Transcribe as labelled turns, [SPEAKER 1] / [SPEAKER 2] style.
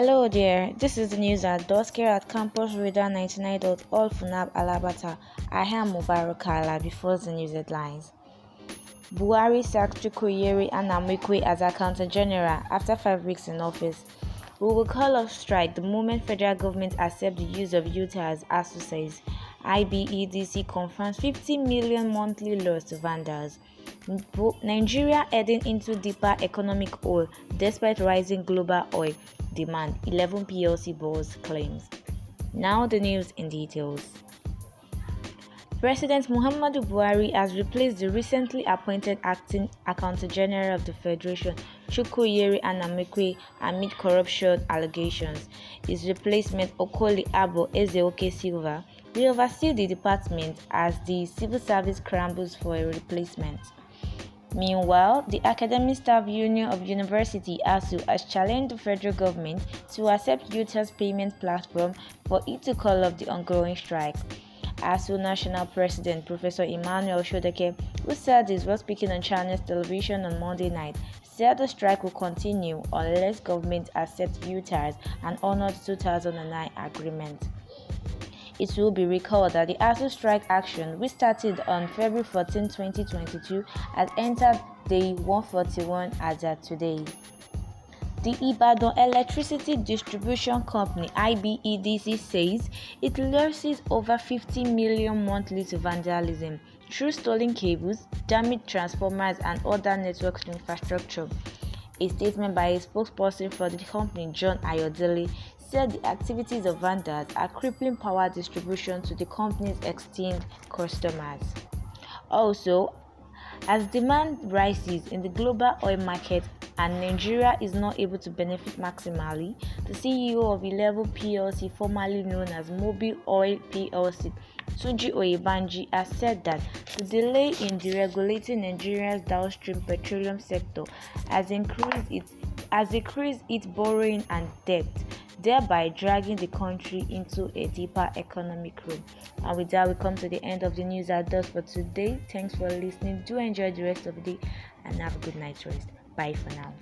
[SPEAKER 1] Hello there, this is the news at here at Campus Radar all, Funab Alabata. I am Mubarak Ala before the news headlines. Buhari sacked Chukwuyeri and Amukwe as Accountant General after five weeks in office. We will call off strike the moment federal government accepts the use of Utah as associates. IBEDC confirms 50 million monthly loss to vandals. Nigeria heading into deeper economic hole despite rising global oil demand 11 PLC boards claims. Now the news in details. President Muhammadu Buhari has replaced the recently appointed acting accountant general of the Federation, Chukwuyeri Anamekwe, amid corruption allegations. His replacement, Okoli Abo Ezeoke Silva, will oversee the department as the civil service scrambles for a replacement. Meanwhile, the Academic Staff Union of University ASU has challenged the federal government to accept UTA's payment platform for it to call off the ongoing strike. ASU National President Professor Emmanuel Shodeke, who said this was speaking on Chinese television on Monday night, said the strike will continue unless government accepts UTA's and honors 2009 agreement. It will be recalled that the ASU strike action, which started on February 14, 2022, has entered day 141 as of today. The Ibadan Electricity Distribution Company IBEDC says it loses over 50 million monthly to vandalism through stolen cables, damaged transformers, and other network infrastructure. A statement by a spokesperson for the company, John Ayodele, said the activities of vendors are crippling power distribution to the company's esteemed customers. Also, as demand rises in the global oil market and Nigeria is not able to benefit maximally, the CEO of Eleven PLC, formerly known as Mobil Oil PLC, Suji Oyebanji, has said that the delay in deregulating Nigeria's downstream petroleum sector has increased its has increased its borrowing and debt thereby dragging the country into a deeper economic ruin. And with that, we come to the end of the news at dust for today. Thanks for listening. Do enjoy the rest of the day and have a good night's rest. Bye for now.